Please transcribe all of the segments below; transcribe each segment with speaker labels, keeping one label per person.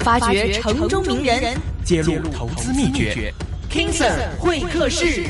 Speaker 1: 發掘城中名人，揭露投資秘訣。秘 King Sir 會客室。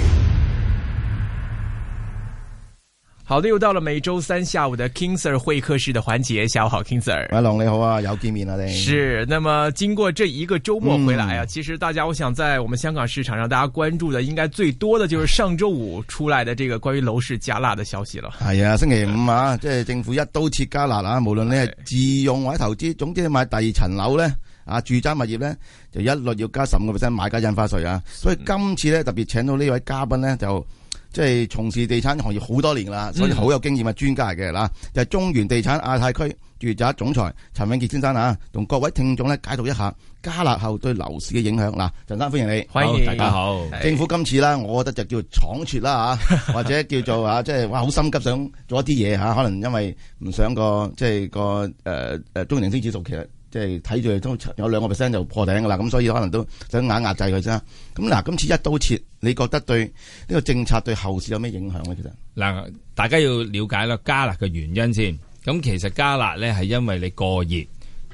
Speaker 1: 好的，又到了每周三下午的 King Sir 會客室的環節。下午好，King Sir。喂，龍你好啊，又見面啊，你。是。那麼經過這一個周末回來啊，嗯、其實大家，我想在我們香港市場上，大家關注的應該最多的就是上周五出來的這個關於樓市加辣的消息
Speaker 2: 了。係啊、哎，星期五啊，是即係政府一刀切加辣啊，無論你係自用或者投資，是總之你買第二層樓呢。啊！住宅物業咧就一律要加十五個 percent 買家印花稅啊！所以今次咧特別請到呢位嘉賓咧，就即、是、係從事地產行業好多年啦，所以好有經驗嘅、嗯、專家嘅啦就是、中原地產亞太區住宅總裁陳永傑先生啊，同各位聽眾咧解讀一下加辣後對樓市嘅影響嗱。陳生歡迎你，歡迎好大家好。的政府今次啦，我覺得就叫倉促啦 或者叫做啊，即、就、係、是、哇好心急想做一啲嘢啊。可能因為唔想個即係個誒誒中原指數其實。即係睇住都有兩個 percent 就破頂噶啦，咁所以可能都想壓壓制佢先。咁嗱，今次一刀切，你覺得對呢個政策對後市有咩影響咧？其實
Speaker 3: 嗱，大家要了解啦加辣嘅原因先。咁其實加辣咧係因為你過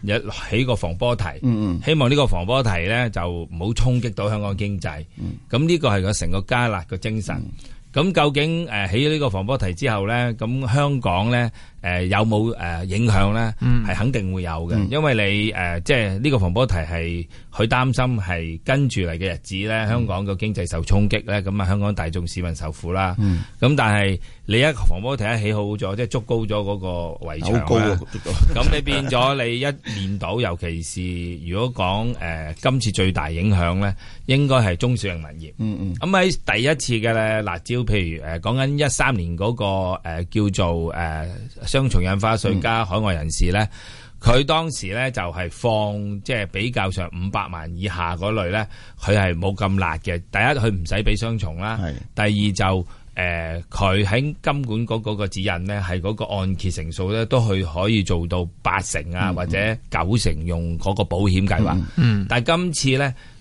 Speaker 3: 熱，起個防波堤，嗯嗯，希望呢個防波堤咧就唔好衝擊到香港經濟。咁呢個係個成個加辣嘅精神。咁究竟誒起咗呢個防波堤之後咧，咁香港咧？誒，有冇誒影響咧？係肯定會有嘅，因為你誒，即係呢個防波堤係佢擔心係跟住嚟嘅日子咧，香港嘅經濟受衝擊咧，咁啊香港大眾市民受苦啦。咁但係你一個防波堤起好咗，即係捉高咗嗰個圍牆，好高，咁你變咗你一年到，尤其是如果講誒今次最大影響咧，應該係中小型物
Speaker 1: 業。
Speaker 3: 咁喺第一次嘅咧，辣招，譬如誒講緊一三年嗰個誒叫做誒。雙重印花稅加海外人士咧，佢、嗯、當時咧就係放即係、就係、比較上五百萬以下嗰類咧，佢係冇咁辣嘅。第一佢唔使俾雙重啦，是第二就佢喺、呃、金管局嗰個指引咧，係嗰個按揭成數咧都去可以做到八成啊，嗯、或者九成用嗰個保險計劃。嗯，嗯但係今次咧。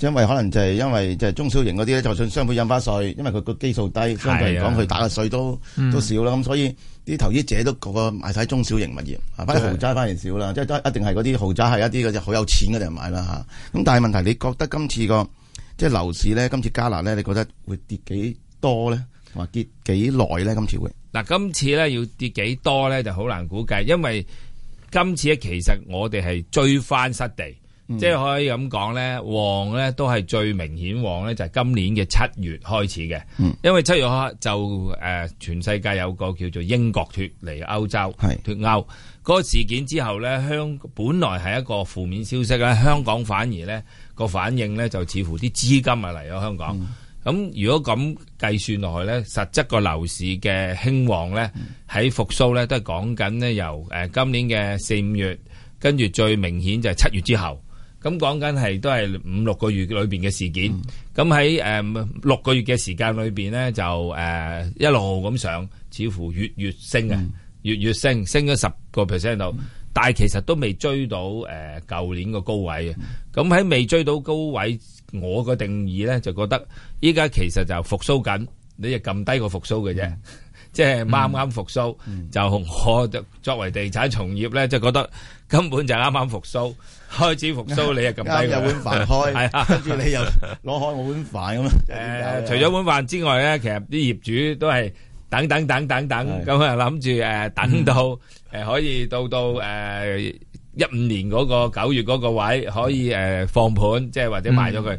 Speaker 2: 因為可能就係因為就係中小型嗰啲咧，就算商鋪印花稅，因為佢個基數低，相對嚟講佢打嘅稅都的、嗯、都少啦。咁所以啲投資者都個個買晒中小型物業，反而豪宅反而少啦。即係是的 一定係嗰啲豪宅係一啲只好有錢嘅人買啦吓。咁但係問題，你覺得今次個即係樓市咧，今次加納咧，你覺得會跌幾多咧？話跌幾耐咧？今次會？
Speaker 3: 嗱，今次咧要跌幾多咧就好難估計，因為今次咧其實我哋係追翻失地。即係可以咁講咧，旺咧都係最明顯旺咧，就係今年嘅七月開始嘅。因為七月開就誒，全世界有個叫做英國脫離歐洲，脫歐嗰個事件之後咧，香本來係一個負面消息咧，香港反而咧個反應咧就似乎啲資金啊嚟咗香港。咁如果咁計算落去咧，實質個樓市嘅興旺咧喺復甦咧都係講緊咧由誒今年嘅四五月，跟住最明顯就係七月之後。咁講緊係都係五六個月裏面嘅事件，咁喺、嗯呃、六個月嘅時間裏面咧，就誒一路咁上，似乎月月升嘅，月月、嗯、升，升咗十個 percent 度，嗯、但係其實都未追到誒舊、呃、年個高位嘅。咁喺、嗯、未追到高位，我個定義咧就覺得依家其實就復甦緊，你就咁低個復甦嘅啫，即係啱啱復甦，嗯、就我作為地產從業咧，就覺得根本就啱啱復甦。開始復甦，你啊咁低，有碗飯開，係啊，跟住你又
Speaker 2: 攞開我碗飯咁樣。
Speaker 1: 誒，除咗
Speaker 3: 碗飯之外咧，其實啲業主都係等等等等等，咁啊諗住誒，等到誒可以到到誒一五年嗰個九月嗰個位，可以誒放盤，即係或者賣咗佢。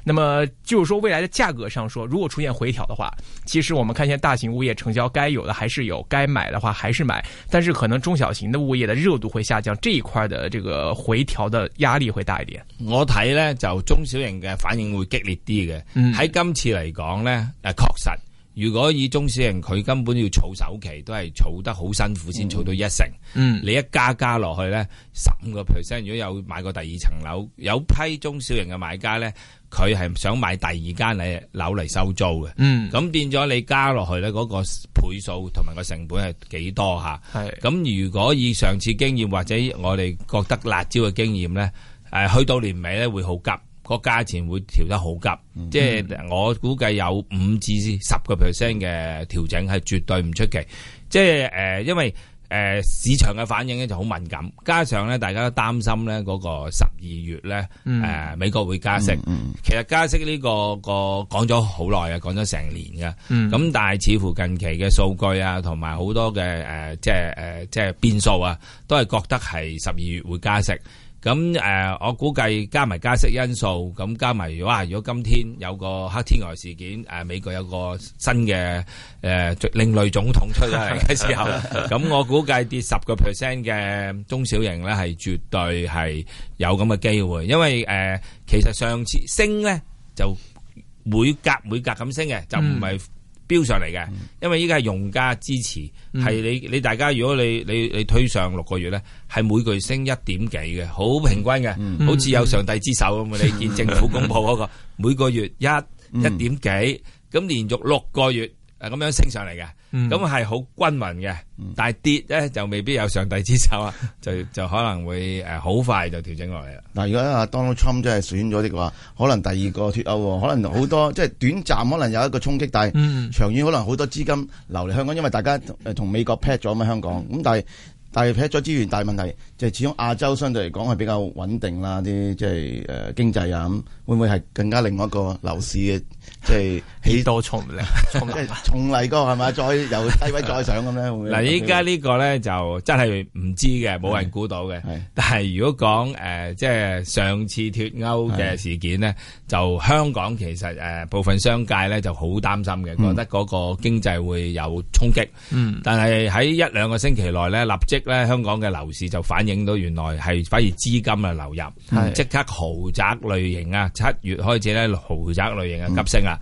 Speaker 1: 那麼就是說未來的價格上說，如果出現回調的話，其實我們看見大型物業成交該有的還是有，該買的話還是買，但是可能中小型的物業的熱度會下降，這一塊的這個回調的壓力會大一點。我睇呢，就中小
Speaker 3: 型嘅反應會激烈啲嘅，喺、嗯、今次嚟講呢，誒、啊、確實，如果以中小型佢根本要儲首期都係儲得好辛苦先儲到一成，嗯，你一加加落去呢，十五個 percent，如果有買過第二層樓，有批中小型嘅買家呢。佢係想買第二間嘅樓嚟收租嘅，咁變咗你加落去咧，嗰個倍數同埋個成本係幾多吓？咁如果以上次經驗或者我哋覺得辣招嘅經驗咧，誒去到年尾咧會好急，個價錢會調得好急，即係我估計有五至十個 percent 嘅調整係絕對唔出奇，即係誒因為。誒市場嘅反應咧就好敏感，加上咧大家都擔心咧嗰個十二月咧誒、嗯呃、美國會加息。嗯嗯、其實加息呢、呢個、呢個講咗好耐啊，講咗成年嘅。咁、嗯、但係似乎近期嘅數據啊，同埋好多嘅誒即係誒即係變數啊，都係覺得係十二月會加息。咁誒，我估計加埋加息因素，咁加埋哇！如果今天有個黑天鵝事件，誒美國有個新嘅誒另類總統出咗嚟嘅時候，咁我估計跌十個 percent 嘅中小型咧，係絕對係有咁嘅機會，因為誒其實上次升咧就每格每格咁升嘅，就唔係。飆上嚟嘅，因為依家係用家支持，係你你大家如果你你你推上六個月咧，係每個月升一點幾嘅，好平均嘅，嗯、好似有上帝之手咁。嗯、你見政府公布嗰、那個、嗯、每個月一一、嗯、點幾，咁連續六個月。誒，咁樣升上嚟嘅，咁係好均勻嘅，但係跌咧就未必有上帝之手啊，嗯、就就可能會誒好快就調整落嚟啦。
Speaker 2: 嗱，如果阿 Donald Trump 真係選咗啲嘅話，可能第二個脫歐， 可能好多即係、即係、短暫可能有一個衝擊，但係長遠可能好多資金流嚟香港，因為大家同美國 peg 咗嘛，香港，咁但係但係 peg 咗資源，大問題就係始終亞洲相對嚟講係比較穩定啦，啲即係誒經濟啊咁。會唔會係更加另外一個樓市嘅即係起多重咧？ 重嚟個係咪？再由低位再上咁咧？嗱，依家
Speaker 3: 呢個咧就真係唔知嘅，冇人估到嘅。是 但係如果講誒，即、呃、係上次脫歐嘅事件呢，是 就香港其實誒、呃、部分商界咧就好擔心嘅，覺得嗰個經濟會有衝擊。嗯、但係喺一兩個星期內咧，立即咧香港嘅樓市就反映到原來係反而資金啊流入，是 即刻豪宅類型啊。七月開始咧，豪宅類型嘅急升啊，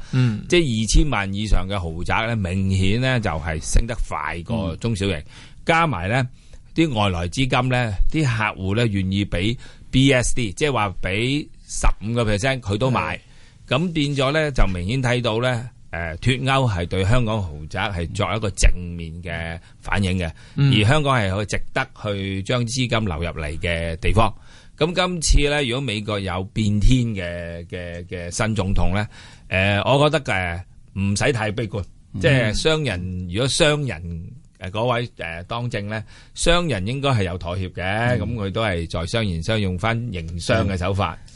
Speaker 3: 即係二千萬以上嘅豪宅咧，明顯咧就係升得快過中小型，加埋咧啲外來資金咧，啲客戶咧願意俾 BSD，即係話俾十五個 percent 佢都買，咁變咗咧就明顯睇到咧，誒脫歐係對香港豪宅係作一個正面嘅反應嘅，而香港係可以值得去將資金流入嚟嘅地方。咁今次咧，如果美國有變天嘅嘅嘅新總統咧，誒、呃，我覺得呃唔使太悲觀，嗯、即係商人。如果商人誒嗰、呃、位誒、呃、當政咧，商人應該係有妥協嘅，咁佢、嗯、都係在商言商，用翻營商嘅手法。嗯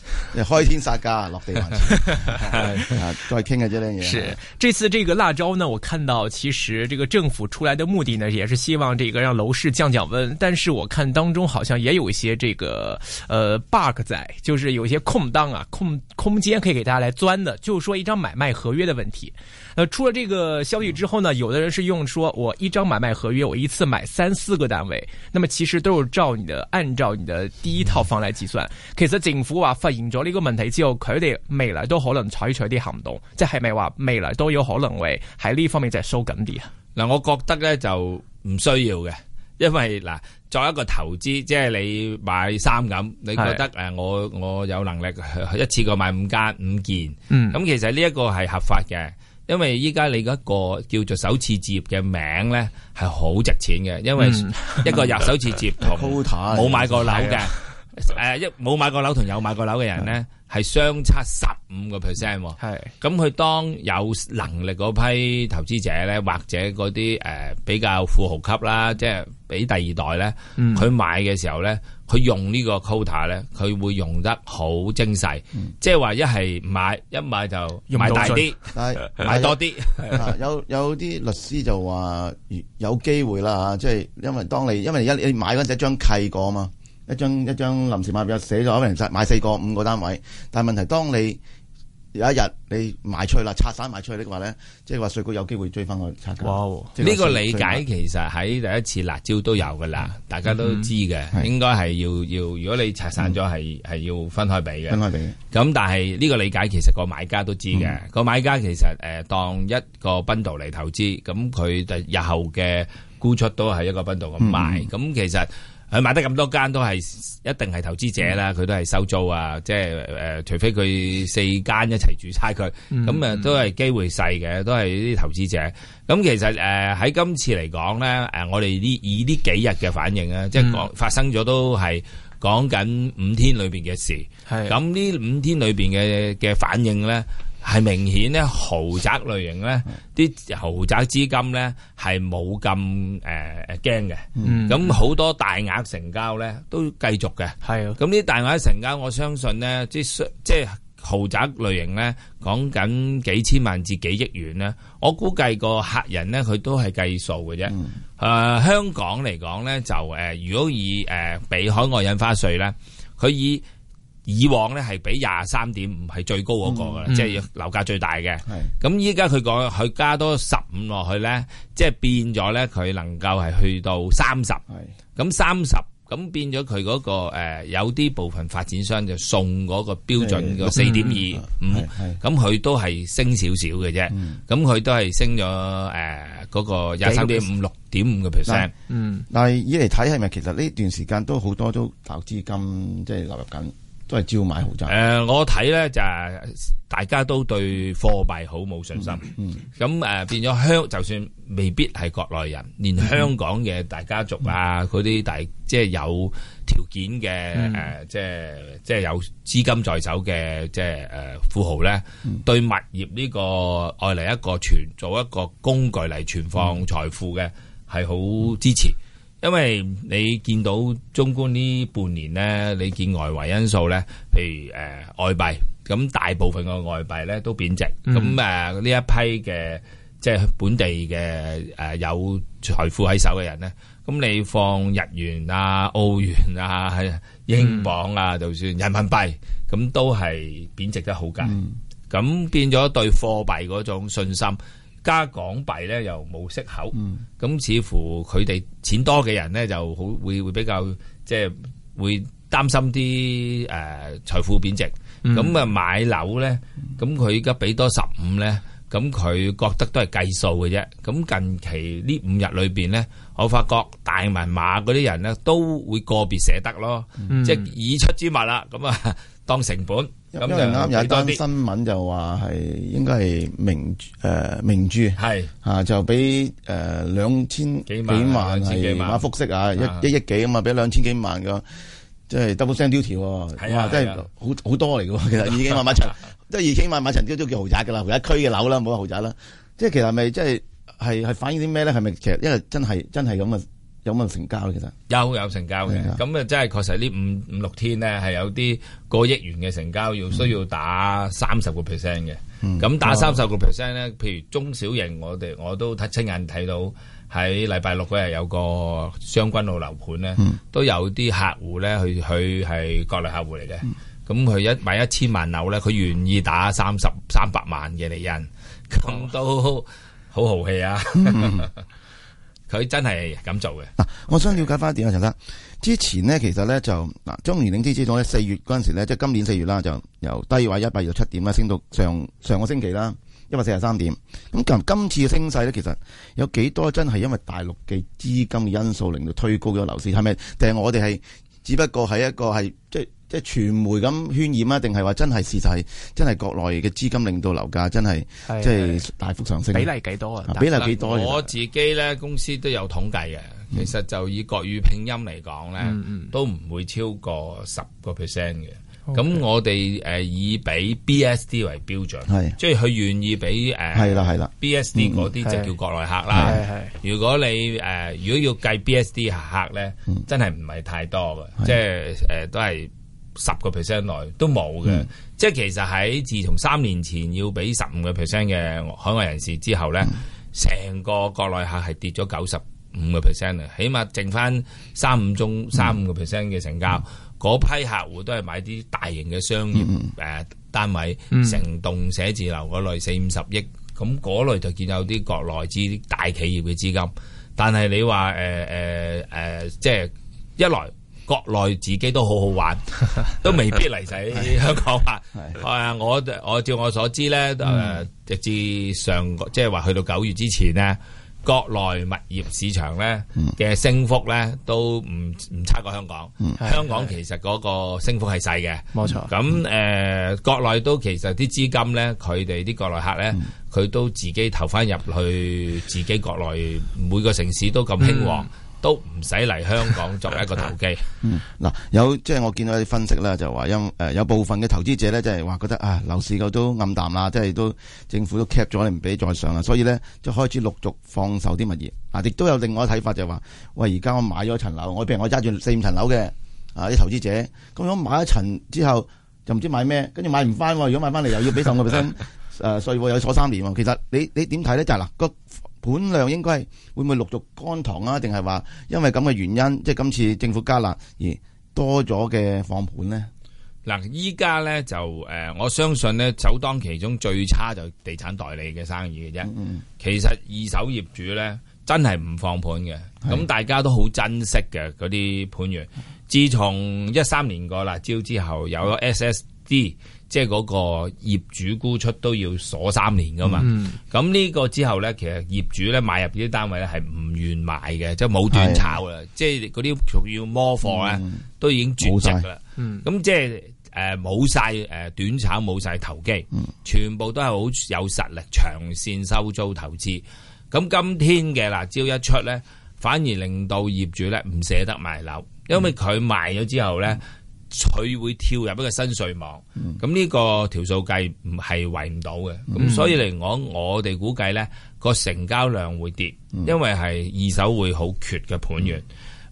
Speaker 2: 開天殺價，落
Speaker 3: 地
Speaker 1: 還錢
Speaker 2: 再傾嘅啫呢嘢。是
Speaker 1: 這次這個辣招呢，我看到其實這個政府出來的目的呢，也是希望這個讓樓市降降溫。但是我看當中好像也有一些這個呃 bug 在，就是有一些空檔啊空空間可以給大家來鑽的。就是說一張買賣合約的問題，呃，出了這個消息之後呢，有的人是用說我一張買賣合約，我一次買三四個單位，那麼其實都是照你的按照你的第一套房來計算，可以增幅啊。發現咗呢個問題之後，佢哋未來都可能採取啲行動，即係咪話未來都有可能會喺呢方面就收緊啲啊？嗱，我覺得咧就唔需要嘅，因為嗱，作為一個投資，
Speaker 3: 即係你買衫咁，你覺得誒，我我有能力一次過買五間五件，咁、嗯、其實呢一個係合法嘅，因為依家你嗰一個叫做首次置業嘅名咧係好值錢嘅，因為一個入首次置業同冇買過樓嘅。嗯 誒，一冇買過樓同有買過樓嘅人咧，係相差十五個 percent。係咁是，佢當有能力嗰批投資者咧，或者嗰啲誒比較富豪級啦，即係俾第二代咧，佢、嗯、買嘅時候咧，佢用呢個 quota 咧，佢會用得好精細。嗯、即係話一係買一買就買大啲，
Speaker 2: 買多啲。有有啲律師就話有機會啦吓，即係因為當你因為你買一買嗰陣張契過嘛。一張一張臨時買賣寫咗買四個五個單位，但係問題，當你有一日你賣出去啦，拆散賣出去的話咧，即係話稅局有機會追翻個差價。
Speaker 3: 哇！呢個理解其實喺第一次辣招都有噶啦，大家都知嘅，應該係要要，如果你拆散咗係係要分開俾嘅，分開俾嘅。咁但係呢個理解其實個買家都知嘅，個買家其實誒當一個 bundle 嚟投資，咁佢第日後嘅沽出都係一個 bundle 咁賣，咁其實。佢買得咁多間都係一定係投資者啦，佢都係收租啊，即係誒，除非佢四間一齊住差佢，咁啊都係機會細嘅，都係啲投資者。咁其實誒喺今次嚟講咧，誒我哋呢以呢幾日嘅反應咧，即係講發生咗都係講緊五天裏邊嘅事。係咁呢五天裏邊嘅嘅反應咧。係明顯咧，豪宅類型咧，啲豪宅資金咧，係冇咁誒驚嘅。咁好多大額成交咧，都繼續嘅。係啊，咁呢啲大額成交，我相信咧，即係即係豪宅類型咧，講緊幾千萬至幾億元咧。我估計個客人咧，佢都係計數嘅啫。誒，香港嚟講咧，就誒，如果以誒俾海外印花稅咧，佢以。以往咧係俾廿三點五係最高嗰個嘅，即係樓價最大嘅。咁依家佢講佢加多十五落去咧，即係變咗咧，佢能夠係去到三十。咁三十咁變咗佢嗰個誒有啲部分發展商就送嗰個標準個四點二五，咁佢都係升少少嘅啫。咁佢都係升咗誒嗰個廿三點五
Speaker 2: 六點五個 percent。嗯，但係以嚟睇係咪其實呢段時間都好多都投資金即係流入緊。都係照買豪宅。誒，
Speaker 3: 我睇咧就係大家都對貨幣好冇信心。嗯，咁誒變咗香，就算未必係國內人，連香港嘅大家族啊，嗰啲大即係有條件嘅誒，即係即係有資金在手嘅即係誒富豪咧，對物業呢個愛嚟一個存做一個工具嚟存放財富嘅係好支持。因為你見到中觀呢半年咧，你見外圍因素咧，譬如誒外幣，咁大部分嘅外幣咧都貶值，咁誒呢一批嘅即係本地嘅誒有財富喺手嘅人咧，咁你放日元啊、澳元啊、係英鎊啊，就算人民幣，咁都係貶值得好緊，咁變咗對貨幣嗰種信心。加港幣咧又冇息口，咁、嗯、似乎佢哋錢多嘅人咧就好會會比較即係、就是、會擔心啲誒財富貶值，咁啊、嗯、買樓咧，咁佢而家俾多十五咧，咁佢覺得都係計數嘅啫。咁近期呢五日裏邊咧，我發覺大文碼嗰啲人咧都會個別捨得咯，嗯、即係已出之物啦，咁啊當成本。咁因為啱有一單新
Speaker 2: 聞就話係應該係明誒明珠是、啊、就俾誒、呃、兩千幾萬幾萬複式啊一一億幾咁嘛，俾兩千幾萬嘅，即係 double stamp duty 喎，係啊，即係好好、啊、多嚟嘅，其實已經買買層，即係二千萬買層都都叫豪宅㗎啦，豪宅區嘅樓啦，唔好話豪宅啦，即係其實係咪即係係係反映啲咩咧？係咪其實因為真係真係咁有冇成交其實有成
Speaker 3: 有,有成交嘅，咁啊的，真係確實呢五五六天咧，係有啲過億元嘅成交要，要、嗯、需要打三十個 percent 嘅。咁、嗯、打三十個 percent 咧，呢嗯、譬如中小型，我哋我都睇親眼睇到喺禮拜六嗰日有個將軍澳樓盤咧，嗯、都有啲客戶咧去去係國內客戶嚟嘅。咁佢、嗯、一買一千萬樓咧，佢願意打三十三百萬嘅嚟印，咁都好豪氣啊！嗯 佢真係咁做嘅。嗱、啊，
Speaker 2: 我想了解返一點啊，陳生，之前呢，其實咧就嗱，中原領資指數咧四月嗰陣時咧，即係今年四月啦，就由低位一百二十七點啦，升到上上個星期啦一百四十三點。咁今次嘅升勢咧，其實有幾多真係因為大陸嘅資金因素令到推高咗樓市？係咪？定係我哋係？只不過係一個係即係即係傳媒咁渲染啊，定係話真係事實係真係國內嘅資金令到樓價真係的即係大幅上升。比例幾多啊？比例幾多？我
Speaker 3: 自己咧公司都有統計嘅，嗯、其實就以國語拼音嚟講咧，嗯、都唔會超過十個 percent 嘅。咁我哋誒以俾 B S D 為標準，係即係佢願意俾誒係啦係啦 B S D 嗰啲就叫國內客啦。如果你誒如果要計 B S D 客咧，真係唔係太多嘅，即係誒都係十個 percent 內都冇嘅。即係其實喺自從三年前要俾十五個 percent 嘅海外人士之後咧，成個國內客係跌咗九十五個 percent 啊，起碼剩翻，三五宗三五個 percent 嘅成交。嗰批客戶都係買啲大型嘅商業單位，嗯嗯、成棟寫字樓嗰類四五十億，咁嗰類就見有啲國內資大企業嘅資金。但係你話、呃呃呃、即係一來國內自己都好好玩， 都未必嚟使 香港買。啊， 我我照我所知咧，直、嗯、至上即係話去到九月之前咧。國內物業市場咧嘅升幅咧都唔唔差過香港，嗯、香港其實嗰個升幅係細嘅，冇錯。咁誒、呃，國內都其實啲資金咧，佢哋啲國內客咧，佢、嗯、都自己投翻入去，自己國內每個城市都咁興旺。嗯都唔使嚟香港作為一個投機
Speaker 2: 嗯。嗱，有即係我見到啲分析啦，就話有有部分嘅投資者咧，即係話覺得啊，樓市夠都暗淡啦，即係都政府都 cap 咗，你唔俾再上啦。所以咧，就開開始陸續放售啲物業。啊，亦都有另外嘅睇法，就係、是、話：喂，而家我買咗一層樓，我譬如我揸住四五層樓嘅啊啲投資者，咁如果買一層之後，就唔知買咩，跟住買唔翻。如果買翻嚟又要俾十五個 percent 稅， 呃、所以我鎖三年。其實你你點睇咧？就係、是、嗱盤量應該會唔會陸續乾塘啊？定係話因為咁嘅原因，即係今次政府加辣而多咗嘅放盤呢？
Speaker 3: 嗱，依家呢，就誒，我相信呢，首當其中最差就地產代理嘅生意嘅啫。嗯嗯，其實二手業主呢，真係唔放盤嘅，咁是的 大家都好珍惜嘅嗰啲盤源。自從一三年個辣招之後，有咗 S S D。即係嗰個業主沽出都要鎖三年噶嘛，咁呢、嗯、個之後咧，其實業主咧買入啲單位咧係唔願賣嘅，嗯、即係冇短炒啦，即係嗰啲仲要摩貨咧，都已經絕跡啦。咁、嗯嗯、即係冇晒短炒，冇晒投機，嗯、全部都係好有實力長線收租投資。咁今天嘅辣招一出咧，反而令到業主咧唔捨得賣樓，因為佢賣咗之後咧，嗯佢會跳入一個新稅網，咁呢個條數計唔係圍唔到嘅，咁所以嚟講，我哋估計咧個成交量會跌，因為係二手會好缺嘅盤源，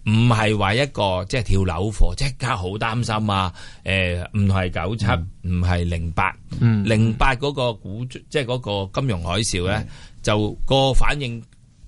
Speaker 3: 唔係話一個即係跳樓貨，即刻好擔心啊！誒，唔係九七，唔係零八，零八嗰個股即係嗰個金融海嘯咧，就個反應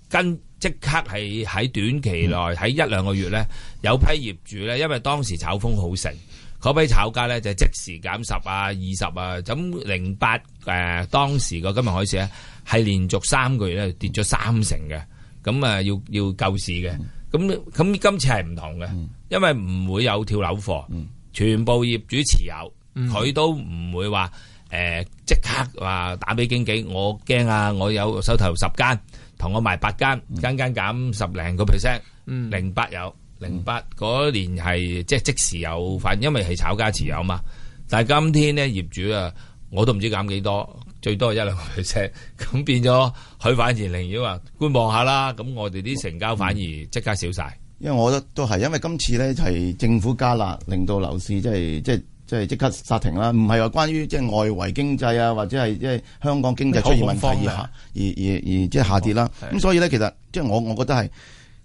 Speaker 3: 跟。即刻係喺短期內喺一兩個月咧，有批業主咧，因為當時炒風好盛，嗰批炒家咧就即時減十啊、二十啊，咁零八誒，當時個今日開始咧，係連續三個月咧跌咗三成嘅，咁啊要要救市嘅，咁咁今次係唔同嘅，因為唔會有跳樓貨，全部業主持有，佢都唔會話誒，即刻話打俾經紀，我驚啊，我有手頭十間。同我賣八間，間間減十零個 percent，零八有零八嗰年係即係即，即時有反應，因為係炒家持有嘛。但係今天咧業主啊，我都唔知減幾多，最多係一兩 percent，咁變咗佢反而寧願話觀望下啦。咁我哋啲成交反而即刻少晒，
Speaker 2: 因為我覺得都係因為今次咧就係政府加辣，令到樓市即係即係。就是即係即刻煞停啦，唔係話關於即係外圍經濟啊，或者係即係香港經濟出現問題下而，而，而下而而而即係下跌啦。咁、哦、所以咧，其實即係我我覺得係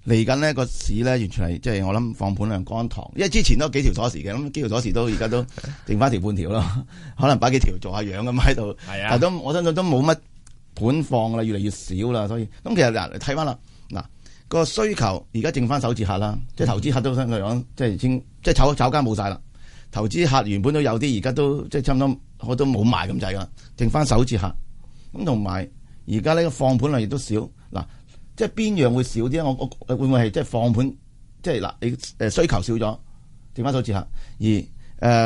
Speaker 2: 嚟緊呢個市咧完全係即係我諗放盤量乾塘，因為之前都有幾條鎖匙嘅，咁幾條鎖匙都而家都剩翻條半條咯， 可能擺幾條做下樣咁喺度。係啊的，但都我相信都冇乜盤放啦，越嚟越少啦。所以咁其實嗱，睇翻啦，嗱個需求而家剩翻首次客啦，即係投資客都想嚟講，嗯，即係已經即係炒炒家冇晒啦。投資客原本都有啲，而家都即係差唔多，我都冇買咁滯啦，剩翻首次客。咁同埋而家呢個放盤量亦都少，嗱，即係邊樣會少啲啊？我我會唔會係即係放盤？即係嗱，你需求少咗，剩翻首次客。而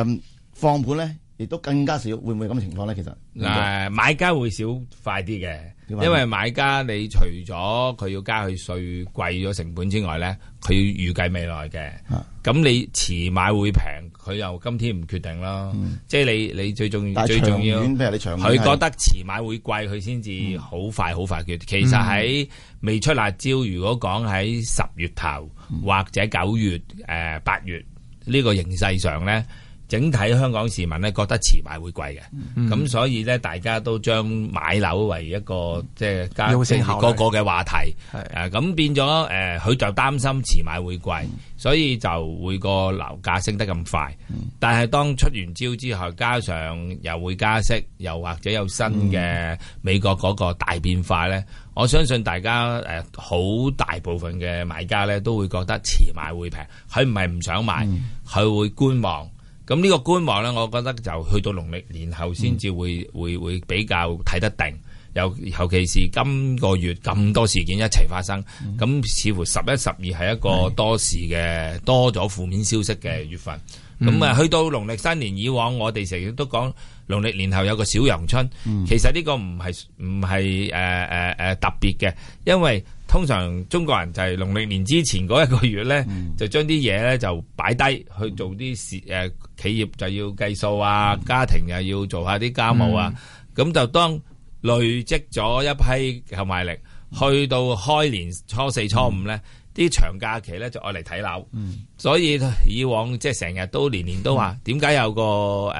Speaker 2: 誒放盤咧，亦都更加少，會唔會咁嘅情況咧？其實誒，買家會少快啲嘅，因為
Speaker 3: 買家你除咗佢要加去稅貴咗成本之外咧，佢要預計未來嘅，咁、啊、你遲買會平，佢又今天唔決定咯。嗯、即係你你最重要最重要佢覺得遲買會貴，佢先至好快好快決定。嗯、其實喺未出辣招，如果講喺十月頭、嗯、或者九月誒呃、八月呢個形勢上咧。整體香港市民咧覺得遲買會貴嘅，咁、嗯、所以呢，大家都將買樓為一個即係加息個個嘅話題，係咁的、啊、變咗誒，佢、呃、就擔心遲買會貴，嗯、所以就會個樓價升得咁快。嗯、但係當出完招之後，加上又會加息，又或者有新嘅美國嗰個大變化呢，嗯、我相信大家誒好、呃、大部分嘅買家呢，都會覺得遲買會平，佢唔係唔想買，佢、嗯、會觀望。咁呢個觀望呢，我覺得就去到農曆年後先至會、嗯、會會比較睇得定。尤其是今個月咁多事件一齊發生，咁、嗯、似乎十一十二係一個多事嘅是多咗負面消息嘅月份。咁啊，嗯、去到農曆新年以往，我哋成日都講農曆年後有個小陽春，嗯、其實呢個唔係唔係誒誒特別嘅，因為通常中國人就係農曆年之前嗰一個月咧，嗯、就將啲嘢咧就擺低去做啲事，呃，企業就要計數啊，嗯、家庭又要做下啲家務啊，咁、嗯、就當累積咗一批購買力，去到開年初四初五咧。嗯啲長假期咧就愛嚟睇樓，所以以往即係成日都年年都話，點解有個誒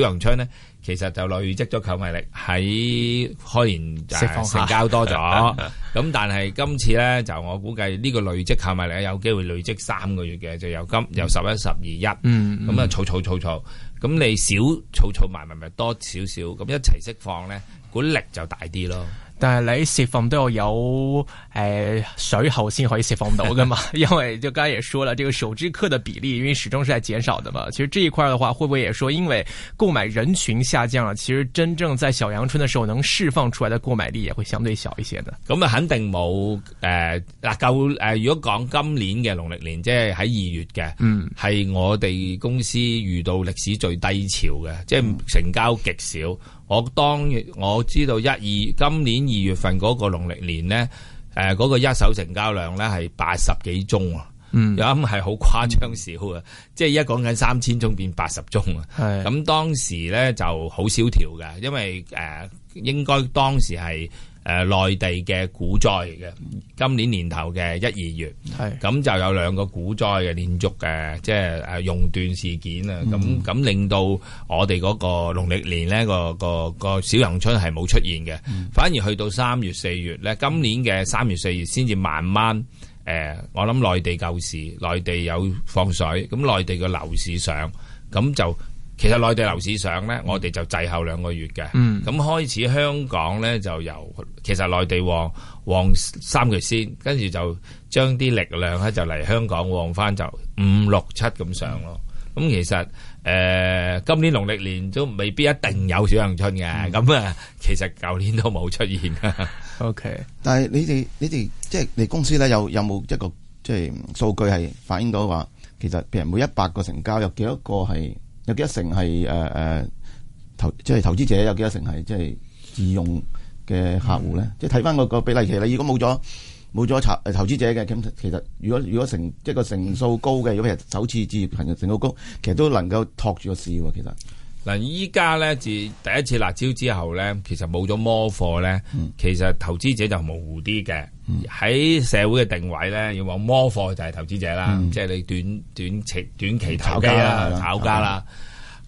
Speaker 3: 小陽春咧？其實就累積咗購買力喺開年成交多咗，咁但係今次咧就我估計呢個累積購買力有機會累積三個月嘅，就由今由十一十二一，咁啊儲儲儲儲，咁你少儲儲埋埋咪多少少，咁一齊
Speaker 1: 釋放咧，管力就大啲咯。但係你釋放都要有誒水喉先可以釋放到噶嘛？ 因為就剛才也說了，這個首置客的比例，因為始終是在減少的嘛。其實這一塊的話，會不會也說，因為購買人群下降了，了其實真正在小陽春的時候，能釋放出來的購買力也會相對小一些的。咁啊，肯定冇誒
Speaker 3: 嗱，夠、呃、誒、呃，如果講今年嘅農曆年，即係喺二月嘅，嗯，係我哋公司遇到歷史最低潮嘅，即、就、係、是、成交極少。嗯我當我知道一二今年二月份嗰個農曆年呢，嗰、嗰個一手成交量呢係八十幾宗啊，咁係好誇張少啊，嗯、即係依家講緊三千宗變八十宗啊，咁的當時呢就好蕭條㗎，因為誒、呃、應該當時係。誒內地嘅股災嚟嘅，今年年頭嘅一二月，係咁就有兩個股災嘅連續嘅，即係誒熔斷事件啊！咁咁令到我哋嗰個農曆年咧個個個小陽春係冇出現嘅，反而去到三月四月咧，今年嘅三月四月先至慢慢誒，我諗內地救市，內地有放水，咁內地嘅樓市上，咁就。其實內地樓市上咧，我哋就滯後兩個月嘅。咁、嗯、開始香港咧就由其實內地旺旺三個月先，跟住，就將啲力量咧就嚟香港旺翻，就五六七咁上咯。咁、嗯、其實誒、呃，今年農曆年都未必一定有小陽春嘅。咁啊、嗯，其實舊年都冇出現、嗯、
Speaker 2: O okay K. 但係你哋你哋，即係你公司咧，有有冇一個即係數據係反映到話，其實譬如每一百個成交有幾多個係？有幾多成係誒誒投即係、就是、投資者有？有幾多成係即係自用嘅客戶咧？即係睇返個比例期啦。如果冇咗冇咗炒投資者嘅咁，其實如果，實如，果如果成即係個成數高嘅，如果係首次置業嘅成數高，高，其實都能夠托住個市喎，其實。
Speaker 3: 嗱，依家咧自第一次辣椒之後咧，其實冇咗摩貨咧，嗯、其實投資者就模糊啲嘅。喺、嗯、社會嘅定位咧，要話摩貨就係投資者啦，嗯、即係你短短期短期投炒家啦，炒家啦。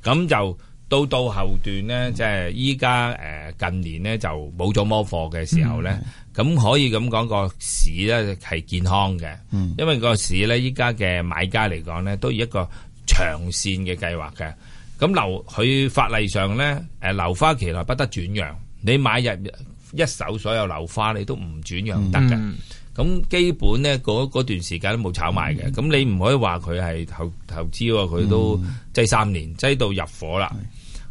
Speaker 3: 咁的就到到後段咧，即係依家誒近年咧，就冇咗摩貨嘅時候咧，咁、嗯、可以咁講個市咧係健康嘅，嗯、因為個市咧依家嘅買家嚟講咧，都以一個長線嘅計劃嘅。咁留佢法例上咧，誒樓花期內不得轉讓。你買入一手所有樓花，你都唔轉讓得嘅。咁基本咧，嗰嗰段時間都冇炒賣嘅。咁你唔可以話佢係投投資，佢都擠三年擠到入伙啦。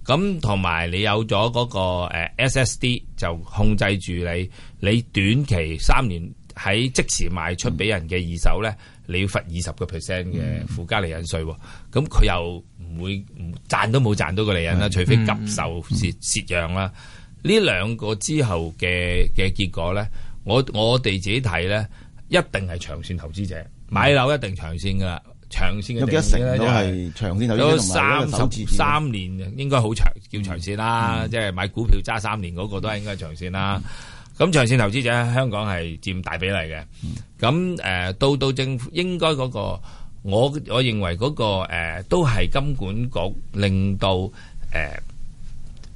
Speaker 3: 咁同埋你有咗嗰個誒 SSD 就控制住你，你短期三年喺即時賣出俾人嘅二手咧，你要罰二十個 percent 嘅附加釐印稅。咁佢又。唔會賺都冇賺到個利潤啦，是除非急售蝕蝕讓啦。呢、嗯嗯、兩個之後嘅嘅結果咧，我我哋自己睇咧，一定係長線投資者、嗯、買樓一定長線㗎啦，長線有幾多成都係長線投資者，有三三年應該好長、嗯、叫長線啦，嗯嗯、即係買股票揸三年嗰個都係應該長線啦。咁、嗯、長線投資者喺香港係佔大比例嘅，咁誒、嗯呃、到到政府應該嗰、嗰個。我我認為嗰個誒都係金管局令到誒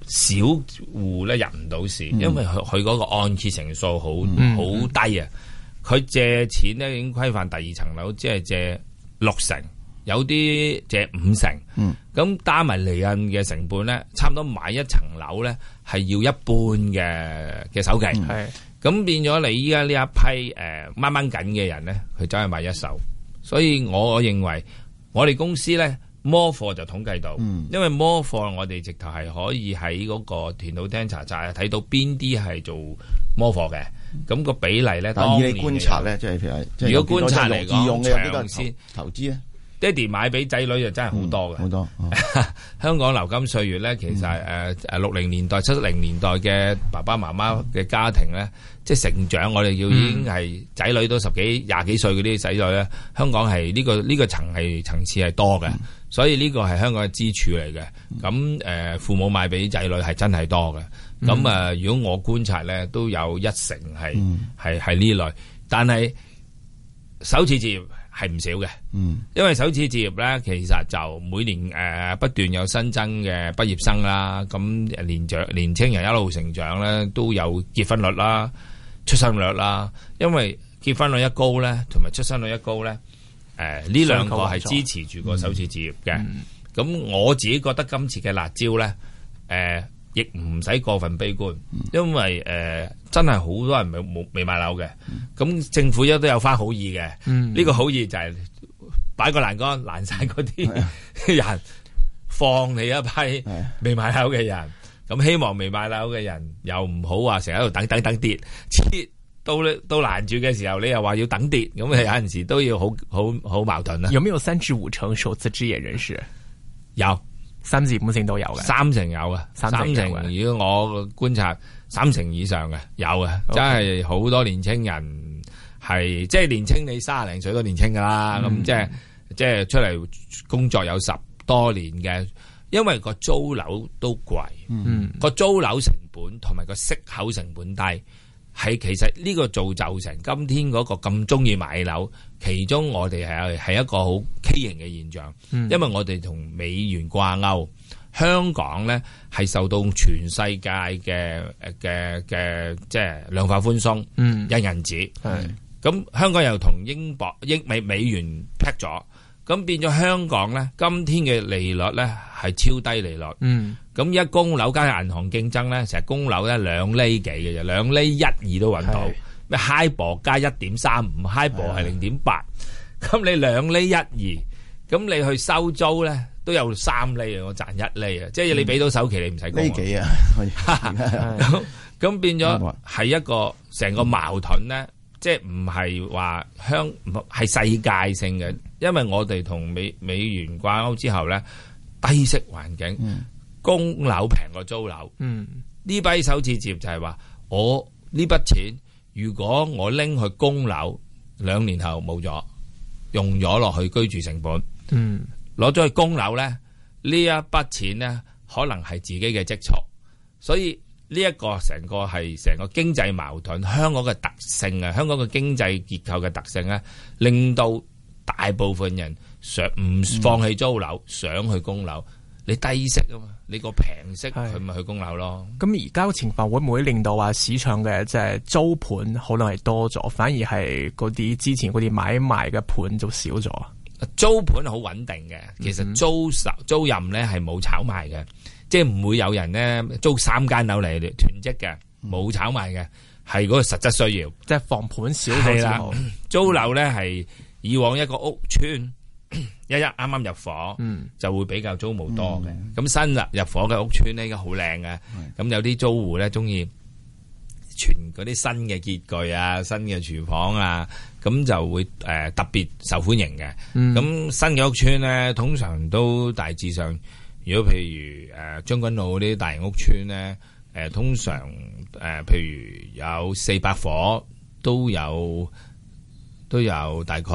Speaker 3: 小戶咧入唔到市，因為佢佢嗰個按揭成數好好低啊！佢借錢咧已經規範第二層樓，即係借六成，有啲借五成。咁加埋釐印嘅成本咧，差唔多買一層樓咧係要一半嘅嘅首期。係咁變咗你依家呢一批誒掹掹緊嘅人咧，佢走去買一手。所以我認為，我哋公司咧摩貨就統計到，嗯、因為摩貨我哋直頭係可以喺嗰個電腦廳查站睇到邊啲係做摩貨嘅，咁、那個比例咧當你觀察
Speaker 2: 咧，然即係如，如果觀察嚟講，用用長線
Speaker 3: 先投資爹哋買俾仔女就真係好多嘅、嗯，好多。哦、 香港流金歲月咧，其實誒誒六零年代、七零年代嘅爸爸媽媽嘅家庭咧，嗯、即係成長，我哋叫已經係仔女都十幾、廿幾歲嗰啲仔女咧，香港係呢、這個呢、這個層係層次係多嘅，嗯、所以呢個係香港嘅支柱嚟嘅。咁誒、嗯，那父母買俾仔女係真係多嘅。咁、嗯、啊，如果我觀察咧，都有一成係係係呢類，但係首次置業。係唔少嘅，嗯，因為首次置業呢，其實就每年誒不斷有新增嘅畢業生啦，咁年長年青人一路成長呢，都有結婚率啦、出生率啦。因為結婚率一高呢，同埋出生率一高呢，誒呢兩個係支持住個首次置業嘅。咁我自己覺得今次嘅辣招呢，誒。亦唔使過分悲觀，因為誒、呃、真係好多人未未買樓嘅，咁政府一都有返好意嘅，呢、嗯、個好意就係擺個欄杆，攔晒嗰啲人，嗯、放你一批未買樓嘅人，咁希望未買樓嘅人又唔好話成日喺度等等等跌，切到你到攔住嘅時候，你又話
Speaker 1: 要等跌，咁有陣時候都要好好好好矛盾啊！有冇有三至五成首次置業人士？嗯、有。新字本性都有嘅，三成有啊，三成，三成
Speaker 3: 如果我觀察，三成以上嘅有啊，Okay. 真係好多年青人係，即、就、係、是、年青你三十零歲都年青㗎啦，咁即係即係出嚟工作有十多年嘅，因為個租樓都貴，嗯，個租樓成本同埋個息口成本低。係其實呢個造就成今天嗰個咁中意買樓，其中我哋係係一個好畸形嘅現象，因為我哋同美元掛鈎，香港呢係受到全世界嘅嘅嘅即係量化寬鬆，嗯，印銀紙係，咁香港又同英鎊英美美元 peg 咗。咁變咗香港咧，今天嘅利率咧係超低利率。嗯。咁一供樓加銀行競爭咧，成日供樓咧兩厘幾嘅啫，兩厘一二都揾到。咩 HIBOR 加一點三五，HIBOR 係零點八。咁你兩厘一二，咁你去收租咧都有三厘，我賺一厘啊！即係你俾到首期，你唔使。供幾啊？咁咁變咗係一個成個矛盾咧。即係唔係話香係世界性嘅，因為我哋同美美元掛鈎之後咧，低息環境供樓平過租樓。呢筆、嗯、首次接就係話，我呢筆錢如果我拎去供樓，兩年後冇咗，用咗落去居住成本，攞咗、嗯、去供樓咧，一筆呢一筆錢咧可能係自己嘅積蓄，所以。呢一個成個係成個經濟矛盾，香港嘅特性啊，香港嘅經濟結構嘅特性咧，令到大部分人想唔放棄租樓，嗯、想去供樓，你低息啊嘛，你個平息佢咪是去供樓咯。
Speaker 1: 咁而家嘅情況會唔會令到話市場嘅即係租盤可能係多咗，反而係嗰啲之前嗰啲買賣嘅盤就少咗？
Speaker 3: 租盤好穩定嘅，其實租、嗯、租賃咧係冇炒賣嘅。即係唔會有人咧，租三間樓嚟囤積嘅，冇炒賣嘅，係嗰個實質需要，即係放盤少，係啦。租樓咧，係以往一個屋邨，一一啱啱入伙，就會比較租務多嘅。咁新啦，入伙嘅屋邨咧，應該好靚嘅。咁有啲租戶咧，中意全嗰啲新嘅潔具啊、新嘅廚房啊，咁就會誒特別受歡迎嘅。咁新嘅屋邨咧，通常都大致上。如果譬如誒將軍澳呢啲大型屋邨咧、啊，通常誒、啊、譬如有四百伙，都有都有大概。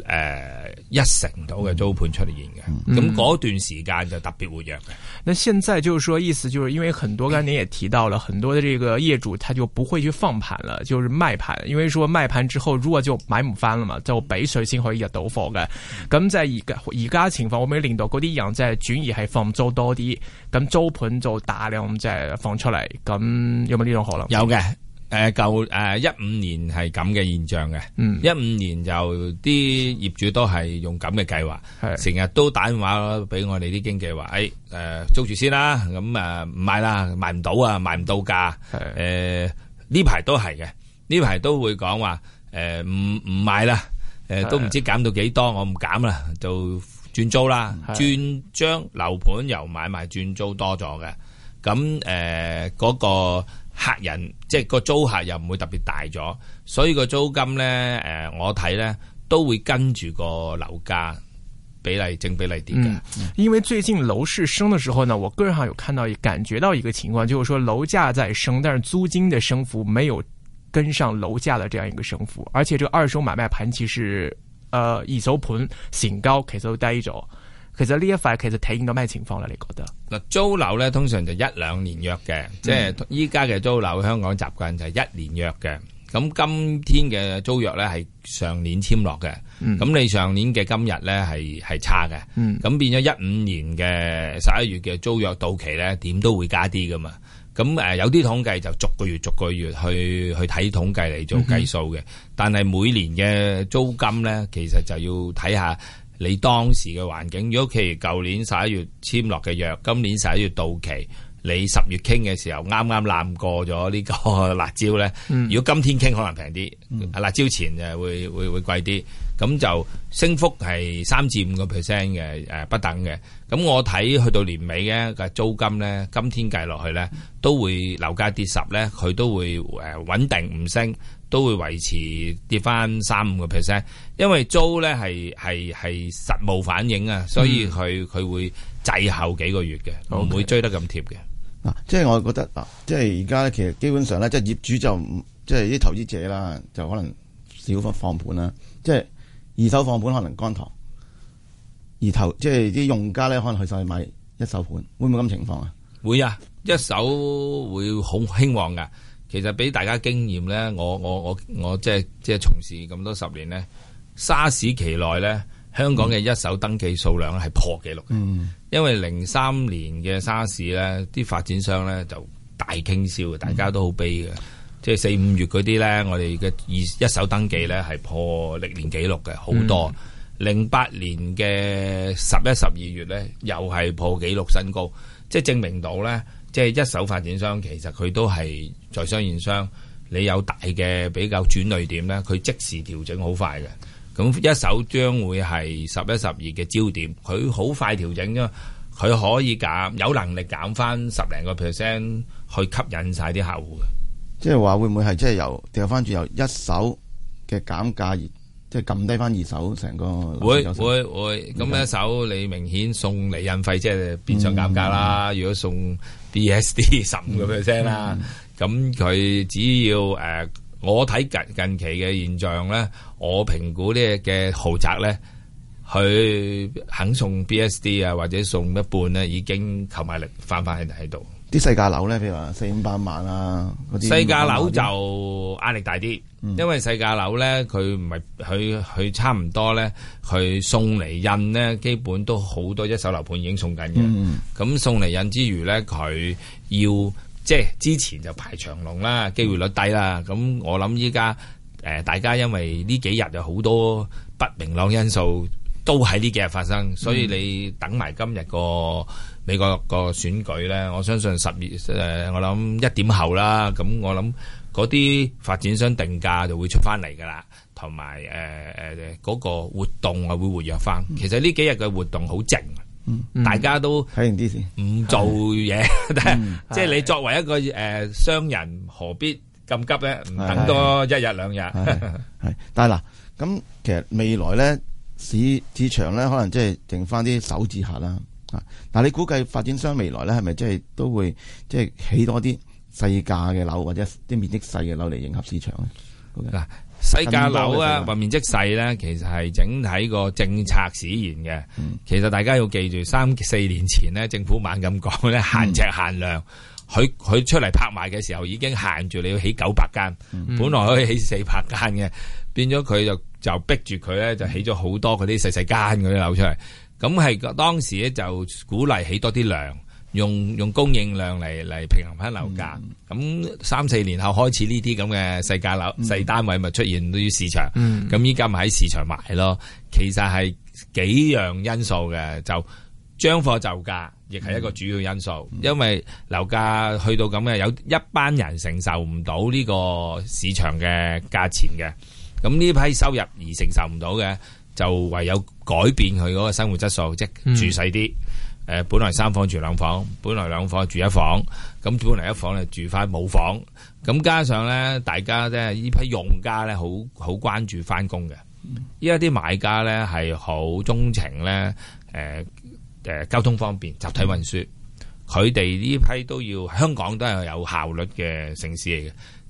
Speaker 3: 誒、呃，一成度嘅租盤出嚟現嘅，咁嗰、嗯、段時間就特別活躍嘅。
Speaker 1: 那現在就是說，意思就是因為很多，剛才你也提到了，很多的這個業主，他就不會去放盤了，就是賣盤，因為說賣盤之後，如果就買唔翻了嘛，就俾水先可以入到貨嘅。咁就係而而家情況，我未令到嗰啲人即係轉移係放租多啲，咁租盤就大量即係放出嚟，咁有冇呢種可能？有嘅。
Speaker 3: 誒，舊誒一五年係咁嘅現象嘅，一五、嗯、年就啲業主都係用咁嘅計劃，係成日都打電話俾我哋啲經紀話，誒、哎、誒、呃、捉住先啦，咁誒唔賣啦，賣唔到啊，賣唔到價，誒呢排都係嘅，呢排都會講話，誒唔唔賣啦、誒、呃、都唔知減到幾多，的我唔減啦，就轉租啦，轉將樓盤由買賣轉租多咗嘅，咁誒、呃嗰個。客人即係個租客又唔會特別大咗，所以個租金呢誒、呃，我睇呢都會跟住個樓價比
Speaker 1: 例升，比例跌嘅、嗯。因為最近樓市升的時候呢，我個人上有看到感覺到一個情況，就是說樓價在升，但是租金的升幅沒有跟上樓價的這樣一個升幅，而且這個二手買賣盤其實，呃二手盤成交其實都低咗。其實呢一塊其實體現到咩情況咧？你覺得？
Speaker 3: 嗱，租樓咧通常就一兩年約嘅，嗯、即係依家嘅租樓香港習慣就係一年約嘅。咁今天嘅租約咧係上年簽落嘅，咁、嗯、你上年嘅今日咧係係差嘅。咁、嗯、變咗一五年嘅十一月嘅租約到期咧，點都會加啲㗎嘛。咁誒有啲統計就逐個月逐個月去去睇統計嚟做計數嘅，嗯、哼但係每年嘅租金咧其實就要睇下。你當時嘅環境，如果譬如舊年十一月簽落嘅約，今年十一月到期，你十月傾嘅時候啱啱攬過咗呢個辣椒咧，嗯、如果今天傾可能平啲，辣椒錢就會會會貴啲，咁就升幅係三至五個 percent 嘅誒不等嘅。咁我睇去到年尾咧嘅租金咧，今天計落去咧，都會樓價跌十咧，佢都會誒穩定唔升。都會維持跌返三五個 percent，因為租咧係係係實務反映啊，所以佢佢會滯後幾個月嘅，唔會追得咁貼嘅。
Speaker 2: 即係我覺得，即係而家咧，其實基本上咧，即係業主就即係啲投資者啦，就可能少放放盤啦，即係二手放盤可能乾塘，二投即係啲用家咧，可能去晒買一手盤，會唔會咁情況啊？
Speaker 3: 會啊，一手會好興旺㗎。其實俾大家經驗咧，我我我我即係即係從事咁多十年咧，沙士期內咧，香港嘅一手登記數量咧係破紀錄嘅。嗯、因為零三年嘅沙士咧，啲發展商咧就大傾銷，大家都好悲嘅。嗯、即係四五月嗰啲咧，我哋嘅二一手登記咧係破歷年紀錄嘅，好多。零八、嗯、年嘅十一、十二月咧，又係破紀錄新高，即係證明到咧。即係一手發展商，其實佢都係在商言商。你有大嘅比較轉類點咧，佢即時調整好快嘅。咁一手將會係十一十二嘅焦點，佢好快調整㗎。佢可以減，有能力減翻十零個 percent 去吸引曬啲客戶嘅。
Speaker 2: 即係話會唔會係即係由掉翻轉由一手嘅減價而，即係撳低翻二手個成個。會會
Speaker 3: 會。咁一手你明顯送厘印費，即係變相減價啦。嗯、如果送 B.S.D. 十五個 percent 啦，咁佢、嗯、只要誒我睇近近期嘅現象咧，我評估呢嘅豪宅咧，佢肯送 B.S.D. 啊，或者送一半咧，已經購買力翻翻喺喺度。
Speaker 2: 啲細價樓咧，譬如話四五百萬啊，嗰啲、啊、細價樓就壓力大啲，嗯、
Speaker 3: 因為細價樓咧，佢唔係佢佢差唔多咧，佢送嚟印咧，基本都好多一手樓盤已經送緊嘅，咁、嗯、送嚟印之餘咧，佢要即係之前就排長龍啦，機會率低啦，咁我諗依家誒大家因為呢幾日有好多不明朗因素。都喺呢幾日發生，所以你等埋今日個美國個選舉咧，我相信十月誒，我諗一點後啦，咁我諗嗰啲發展商定價就會出翻嚟噶啦，同埋誒誒嗰個活動啊會活躍翻。其實呢幾日嘅活動好靜，大家都睇完啲事，唔做嘢。即係你作為一個誒商人，何必咁急咧？等多一日兩日
Speaker 2: 係。但係嗱，咁其實未來咧。市市場咧，可能即係剩翻啲手指客啦。啊，但係，你估計發展商未來咧，係咪即係都會即係起多啲細價嘅樓或者啲面積細嘅樓嚟迎合市場咧？嗱，okay，
Speaker 3: 細價樓啊，或面積細咧，其實係整體個政策使然嘅。嗯、其實大家要記住，三四年前咧，政府猛咁講咧，限呎限量，佢佢，嗯、出嚟拍賣嘅時候已經限住你要起九百間，嗯、本來可以起四百間嘅，嗯、變咗佢就。就逼住佢咧，就起咗好多嗰啲細細間嗰啲樓出嚟。咁係當時咧就鼓勵起多啲量，用用供應量嚟嚟平衡翻樓價。咁、嗯、三四年後開始呢啲咁嘅細價樓、細單位咪出現呢啲市場。咁依家咪喺市場賣咯。其實係幾樣因素嘅，就將貨就價亦係一個主要因素。嗯嗯、因為樓價去到咁嘅，有一班人承受唔到呢個市場嘅價錢嘅。咁呢批收入而承受唔到嘅，就唯有改變佢嗰個生活質素，即係住細啲。誒，本來三房住兩房，本來兩房住一房，咁本來一房咧住翻冇房。咁加上咧，大家即係呢批用家咧，好好關注翻工嘅。依家啲買家咧係好鍾情咧，誒誒，交通方便，集體運輸。佢哋呢批都要香港都係有效率嘅城市嚟嘅。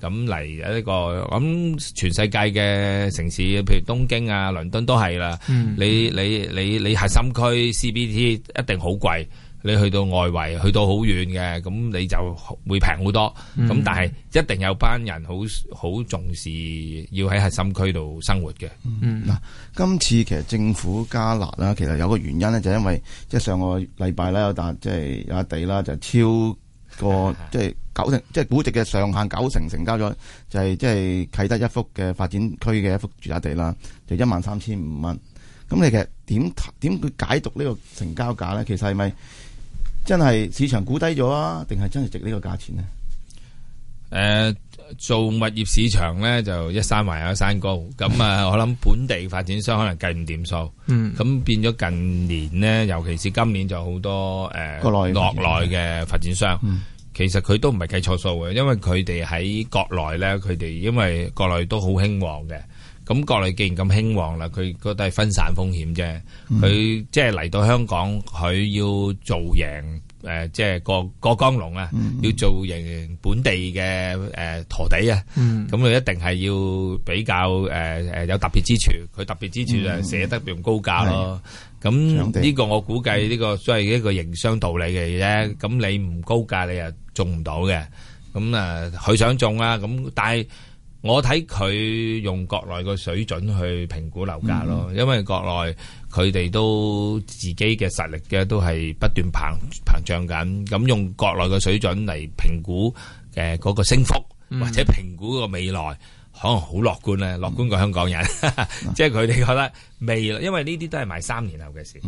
Speaker 3: 咁嚟呢個咁全世界嘅城市，譬如東京啊、倫敦都係啦。你你你你核心區 CBD 一定好貴，你去到外圍，去到好遠嘅，咁你就會平好多。咁但係一定有班人好好重視要喺核心區度生活嘅。
Speaker 2: 嗱，今次其實政府加辣啦，其實有個原因咧，就係因為即係上個禮拜啦，有笪即係有一地啦，就超個即係九成，即係估值嘅上限九成成交咗，就係、係、即係啟德一幅嘅發展區嘅一幅住宅地啦，就一萬三千五蚊。咁你其實點點去解讀呢個成交價咧？其實係咪真係市場估低咗啊？定係真係值呢個價錢呢？誒。
Speaker 3: 呃做物業市場咧，就一山還有一山高，咁啊我諗本地發展商可能計唔掂數，咁、嗯、變咗近年咧，尤其是今年就好多誒、呃、國內嘅發展商，展商嗯、其實佢都唔係計錯數嘅，因為佢哋喺國內咧，佢哋因為國內都好興旺嘅，咁國內既然咁興旺啦，佢覺得係分散風險啫，佢、嗯、即係嚟到香港佢要做贏。誒，即係過過江龍啊，要做型本地嘅誒陀地啊，咁佢一定係要比較誒誒有特別之處。佢特別之處就係捨得用高價咯。咁呢個我估計呢個所謂一個營商道理嘅嘢啫。咁你唔高價，你又種唔到嘅。咁啊，佢想種啊，咁但係。我睇佢用國內嘅水準去評估樓價咯，因為國內佢哋都自己嘅實力嘅都係不斷膨膨脹緊，咁用國內嘅水準嚟評估嘅嗰個升幅，或者評估個未來可能好樂觀咧，樂觀過香港人，即係佢哋覺得未來，因為呢啲都係買三年後嘅事，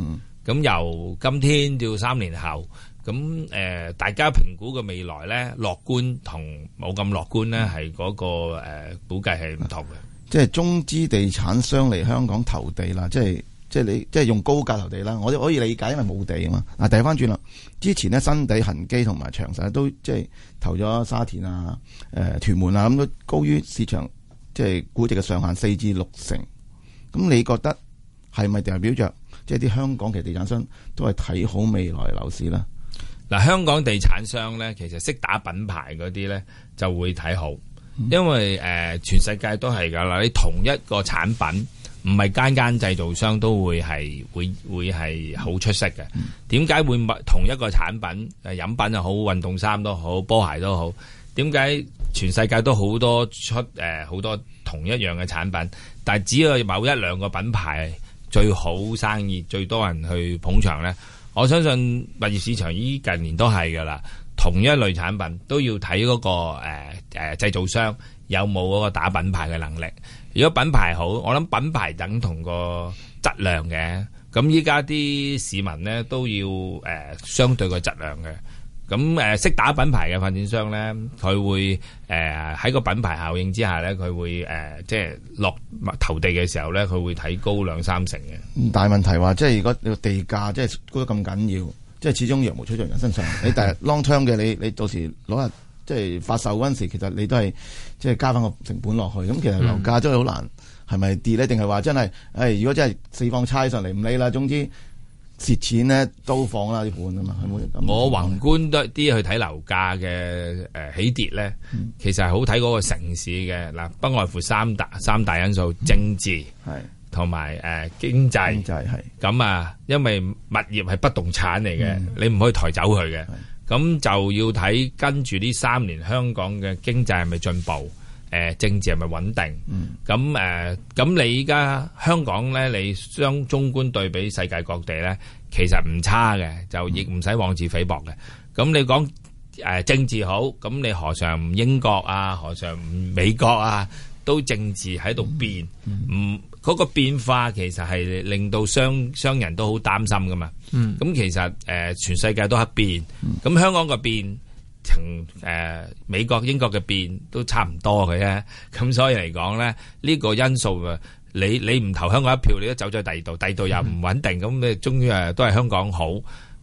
Speaker 3: 咁由今天到三年後。咁誒，大家評估嘅未來咧，樂觀，樂觀、那個呃、同冇咁樂觀咧，係嗰個誒估計係唔同嘅。
Speaker 2: 即係中資地產商嚟香港投地啦，即係即係你即係用高價投地啦。我哋可以理解，因為冇地啊嘛。嗱，調翻轉啦，之前呢，新地恒基同埋長實都即係投咗沙田啊、誒、呃、屯門啊，咁都高於市場即係估值嘅上限四至六成。咁你覺得係咪代表着即係啲香港嘅地產商都係睇好未來樓市咧？
Speaker 3: 嗱，香港地產商呢，其實識打品牌嗰啲呢，就會睇好，因為誒、呃、全世界都係㗎啦。你同一個產品，唔係間間製造商都會係會會係好出色嘅。點解會同一個產品，飲品又好，運動衫都好，波鞋都好？點解全世界都好多出誒、呃、好多同一樣嘅產品，但只要某一兩個品牌最好生意、最多人去捧場呢。我相信物業市場依近年都係噶啦，同一類產品都要睇嗰個誒誒製造商有冇嗰個打品牌嘅能力。如果品牌好，我諗品牌等同個質量嘅。咁依家啲市民呢都要誒、呃、相對個質量嘅。咁誒識打品牌嘅發展商咧，佢會誒喺個品牌效應之下咧，佢會誒、呃、即係落投地嘅時候咧，佢會睇高兩三成嘅。
Speaker 2: 但問題話即係如果你個地價即係高得咁緊要，即係始終羊毛出在人身上。你但係 long term 嘅你你到時攞下即係發售嗰陣時，其實你都係即係加翻個成本落去。咁其實樓價真係好難，係咪跌咧？定係話真係誒、哎？如果真係四方差上嚟，唔理啦。總之。蝕錢咧都放啦啲盤啊嘛，係冇人敢，我宏
Speaker 3: 觀多啲去睇樓價嘅，誒起跌咧，其實係好睇嗰個城市嘅嗱，不外乎三大三大因素，政治係同埋誒經濟，咁啊，因為物業係不動產嚟嘅，你唔可以抬走佢嘅，咁就要睇跟住呢三年香港嘅經濟係咪進步。誒，政治係咪穩定？咁誒、嗯，咁、嗯嗯嗯、你依家香港咧，你將中觀對比世界各地咧，其實唔差嘅，就亦唔使妄自菲薄嘅。咁、嗯嗯嗯、你講誒，政治好，咁你何嘗唔英國啊，何嘗唔美國啊，都政治喺度變，唔嗰、嗯嗯嗰個變化其實係令到商商人都好擔心噶嘛。咁、嗯、其實誒、呃，全世界都喺變，咁、嗯、香港個變。同誒美國、英國嘅變都差唔多嘅啫，咁所以嚟講咧，呢個因素啊，你你唔投香港一票，你都走咗第二度，第二度又唔穩定，咁你終於誒都係香港好。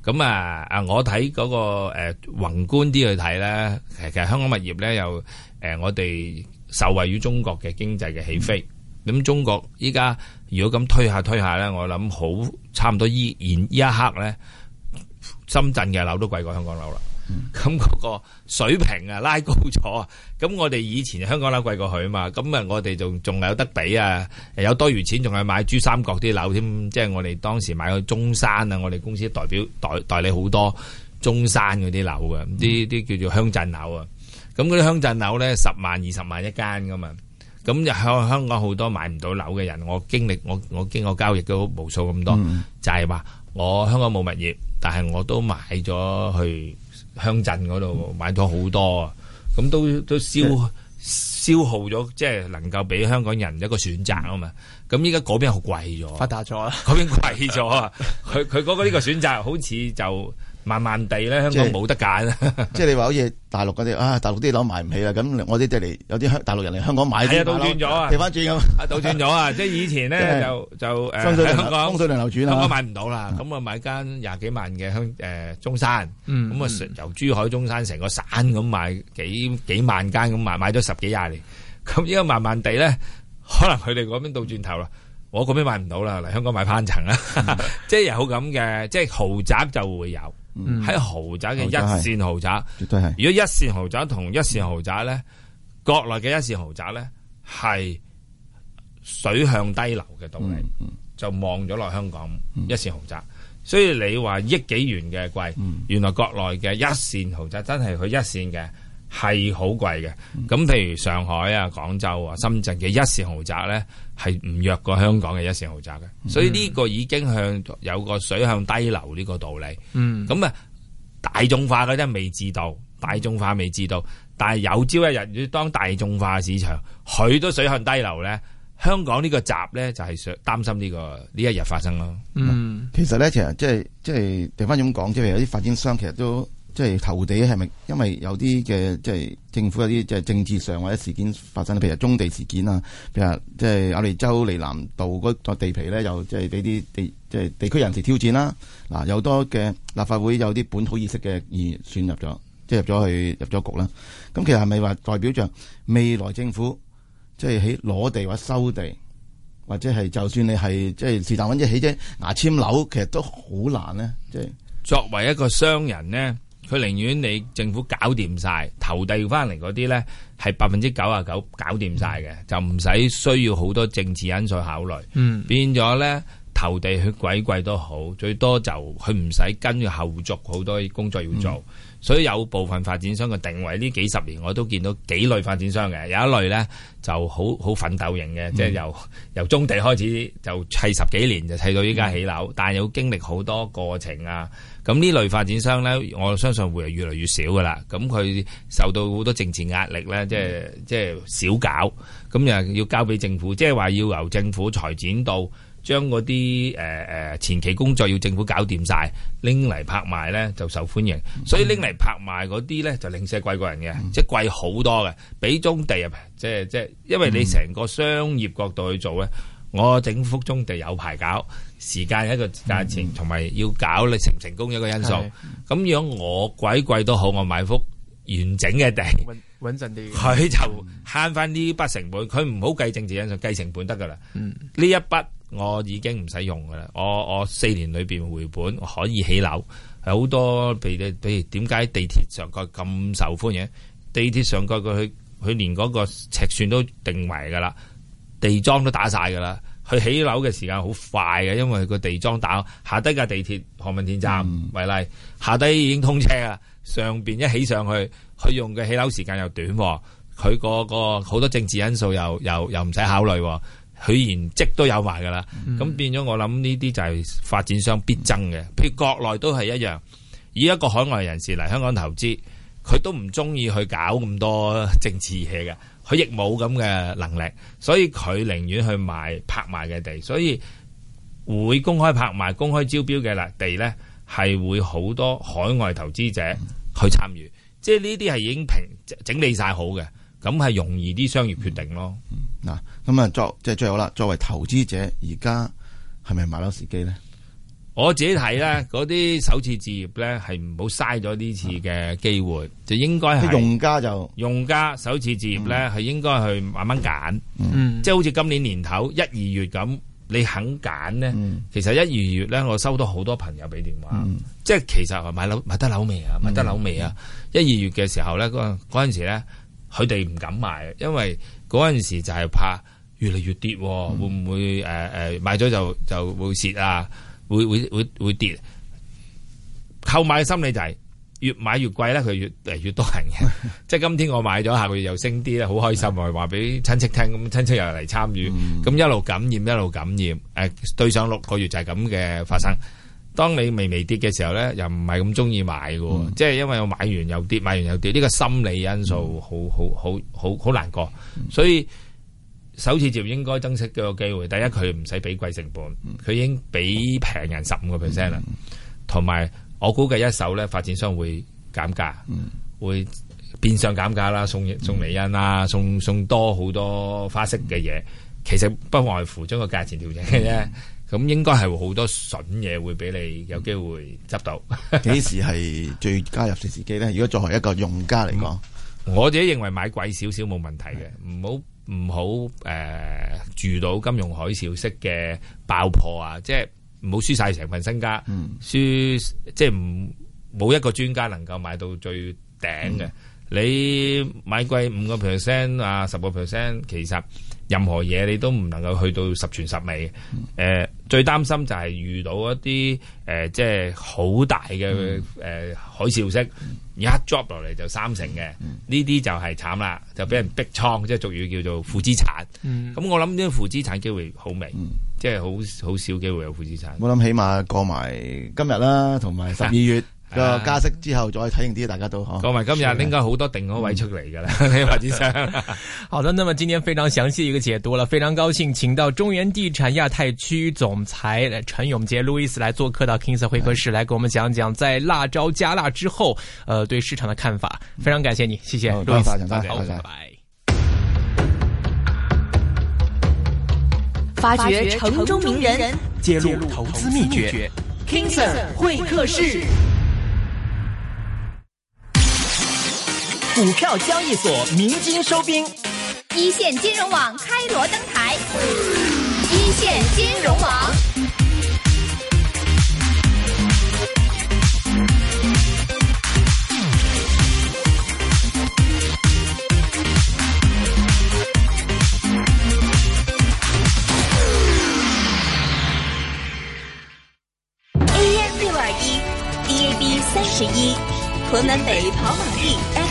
Speaker 3: 咁啊啊，我睇嗰個誒宏觀啲去睇咧，其實香港物業咧又誒我哋受惠於中國嘅經濟嘅起飛。咁中國依家如果咁推下推下咧，我諗好差唔多依現依一刻咧，深圳嘅樓都貴過香港樓啦。咁嗰個水平啊，拉高咗啊！咁我哋以前香港樓貴過佢啊嘛，咁啊我哋仲仲有得比啊，有多餘錢仲係買珠三角啲樓添，即係我哋當時買咗中山啊，我哋公司代表代代理好多中山嗰啲樓啊，啲啲叫做鄉鎮樓啊。咁嗰啲鄉鎮樓咧，十萬二十萬一間噶嘛，咁就香香港好多買唔到樓嘅人，我經歷我我經過交易都無數咁多，就係話我香港冇物業，但係我都買咗去。鄉鎮嗰度買咗好多，咁都都消消耗咗，即係能夠俾香港人一個選擇啊嘛。咁依家嗰邊好貴咗，發達咗，嗰邊貴咗啊！佢佢嗰個呢個選擇好似就。慢慢地咧，香港冇得揀啦。
Speaker 2: 即係你話好似大陸嗰啲啊，大陸啲樓買唔起啦。咁我哋即係嚟有啲香大陸人嚟香港買，係啊倒轉咗啊，調翻轉咁啊
Speaker 3: 倒轉咗啊！即係以前咧就就誒，香港風水輪
Speaker 2: 流轉啊，香港買唔
Speaker 3: 到啦。咁啊買間廿幾萬嘅香誒中山，咁啊由珠海中山成個省咁買幾幾萬間咁買買咗十幾廿年。咁依家慢慢地咧，可能佢哋嗰邊倒轉頭啦，我嗰邊買唔到啦，嚟香港買翻層啦。即係有咁嘅，即係豪宅就會有。喺豪宅嘅一綫豪宅，絕對係。如果一綫豪宅同一綫豪宅咧，嗯、國內嘅一綫豪宅咧係水向低流嘅道理，嗯嗯、就望咗落香港一綫豪宅。嗯、所以你話億幾元嘅貴，嗯、原來國內嘅一綫豪宅真係佢一綫嘅。係好貴嘅，咁譬如上海啊、廣州啊、深圳嘅一線豪宅咧，係唔弱過香港嘅一線豪宅嘅，所以呢個已經向有個水向低流呢個道理。嗯，咁啊大眾化嗰啲未知道，大眾化未知道，但係有朝一日當大眾化市場，許多水向低流咧，香港呢個閘咧就係擔心呢個呢一日發生咯。嗯，
Speaker 2: 其實咧其實即係即係掉翻咁講，即係有啲發展商其實都。即係投地係咪？因為有啲嘅即係政府有啲即係政治上或者事件發生，譬如中地事件啊，譬如即係亞利州離南道嗰個地皮咧，又即係俾啲地即係地區人士挑戰啦。嗱，有多嘅立法會有啲本土意識嘅而選入咗，即係入咗去入咗局啦。咁其實係咪話代表着未來政府即係喺攞地或者收地，或者係就算你係即係是但揾啲起啫牙籤樓，其實都好難呢。即係
Speaker 3: 作為一個商人呢。佢寧願你政府搞掂晒，投地翻嚟嗰啲呢係百分之九啊，九搞掂晒嘅，就唔使需要好多政治因素考慮。嗯、變咗呢，投地佢鬼貴都好，最多就佢唔使跟住後續好多工作要做。嗯所以有部分發展商嘅定位，呢幾十年我都見到幾類發展商嘅，有一類呢就好好奮鬥型嘅，嗯、即係由由中地開始就砌十幾年就砌到依家起樓，嗯、但係要經歷好多過程啊。咁呢類發展商呢，我相信會係越嚟越少㗎啦。咁佢受到好多政治壓力呢，嗯、即係即係少搞，咁又要交俾政府，即係話要由政府裁剪到。將嗰啲誒誒前期工作要政府搞掂曬，拎嚟拍賣咧就受歡迎，所以拎嚟拍賣嗰啲咧就零舍貴過人嘅，即係貴好多嘅。畀中地啊，即係即係，因為你成個商業角度去做咧，我整幅中地有排搞，時間係一個價錢，同埋要搞你成唔成功一個因素。咁如果我鬼貴都好，我買幅完整嘅地，穩
Speaker 1: 穩陣啲，佢
Speaker 3: 就慳翻呢筆成本，佢唔好計政治因素，計成本得噶啦。嗯，呢一筆。我已經唔使用噶啦，我我四年裏邊回本，可以起樓，係好多，譬如譬如，點解地鐵上蓋咁受歡迎？地鐵上蓋佢佢連嗰個尺寸都定埋噶啦，地樁都打晒噶啦，佢起樓嘅時間好快嘅，因為個地樁打下低架，地鐵何文田站為例，嗯、下低已經通車啦，上邊一起上去，佢用嘅起樓時間又短，佢、嗰個、嗰個好多政治因素又又又唔使考慮。佢賢即都有埋噶啦，咁變咗我諗呢啲就係發展商必爭嘅，譬如國內都係一樣。以一個海外人士嚟香港投資，佢都唔中意去搞咁多政治嘢嘅，佢亦冇咁嘅能力，所以佢寧願去賣拍賣嘅地，所以會公開拍賣、公開招標嘅啦地呢，係會好多海外投資者去參與，即係呢啲係已經平整理晒好嘅。咁係容易啲商業決定咯。
Speaker 2: 嗱，咁啊作即係最好啦。作為投資者，而家係咪買樓時機咧？
Speaker 3: 我自己睇咧，嗰啲首次置業咧係唔好嘥咗呢次嘅機會，就應該係用家就用家首次置業咧係應該去慢慢揀。 嗯，
Speaker 2: 即
Speaker 3: 係好似今年年頭一二月咁，你肯揀咧，其實一二月咧我收到好多朋友俾電話，即係其實買樓買得樓未啊？買得樓未啊？一二月嘅時候咧，嗰陣時咧。佢哋唔敢買，因為嗰陣時就係怕越嚟越跌，會唔會誒誒買咗就就會蝕啊？會會會會跌。購買心理就係越買越貴咧，佢越嚟越多人嘅。即係今天我買咗，下個月又升啲咧，好開心。咪話俾親戚聽，咁親戚又嚟參與，咁一路感染一路感染。誒，對上六個月就係咁嘅發生。當你微微跌嘅時候咧，又唔係咁中意買喎。嗯、即係因為我買完又跌，買完又跌，呢、這個心理因素、嗯、好好好好好難過，嗯、所以首次接應該珍惜嘅機會，第一佢唔使俾貴成本，佢已經俾平人十五個 percent 啦，同埋、嗯、我估計一手咧發展商會減價，嗯、會變相減價啦，送送厘印啦，送送，送多好多花式嘅嘢，嗯、其實不外乎將個價錢調整嘅啫。嗯嗯咁應該係好多筍嘢會俾你有機會執到。幾
Speaker 2: 時係最佳入市時機咧？如果作為一個用家嚟講，
Speaker 3: 我自己認為買貴少少冇問題嘅，唔好唔好誒住到金融海嘯式嘅爆破啊！即係唔好輸曬成份身家，輸即係唔冇一個專家能夠買到最頂嘅。你買貴五個 percent 啊，十個 percent 其實。任何嘢你都唔能夠去到十全十美，誒、嗯呃，最擔心就係遇到一啲誒、呃，即係好大嘅誒、嗯呃、海嘯式、嗯、一 drop 落嚟，就三成嘅。呢啲、嗯、就係慘啦，就俾人逼倉，嗯、即係俗語叫做負資產。咁、嗯嗯嗯、我諗呢個負資產機會好微，嗯、即係好好少機會有負資產。我
Speaker 2: 諗起碼過埋今日啦，同埋十二月。啊個加息之後再睇完啲，大
Speaker 1: 家都嗬。講埋今日吧應該好多定嗰位出嚟噶啦。好的，那麼今天非常詳細一個解讀了，非常高興，請到中原地產亞太區總裁陳永傑路易斯來做客到 King Sir、er、會客室，來給我們講講在辣招加辣之後，呃，對市場的看法。嗯、非常感謝你，謝謝路易斯，好，拜拜。發掘城中名人，揭露投資秘訣，King Sir 會客室。股票交易所鳴金收兵，一線金融網開鑼登台，一線金融網。A S 六二一，D A B 三十一，屯門北跑馬地。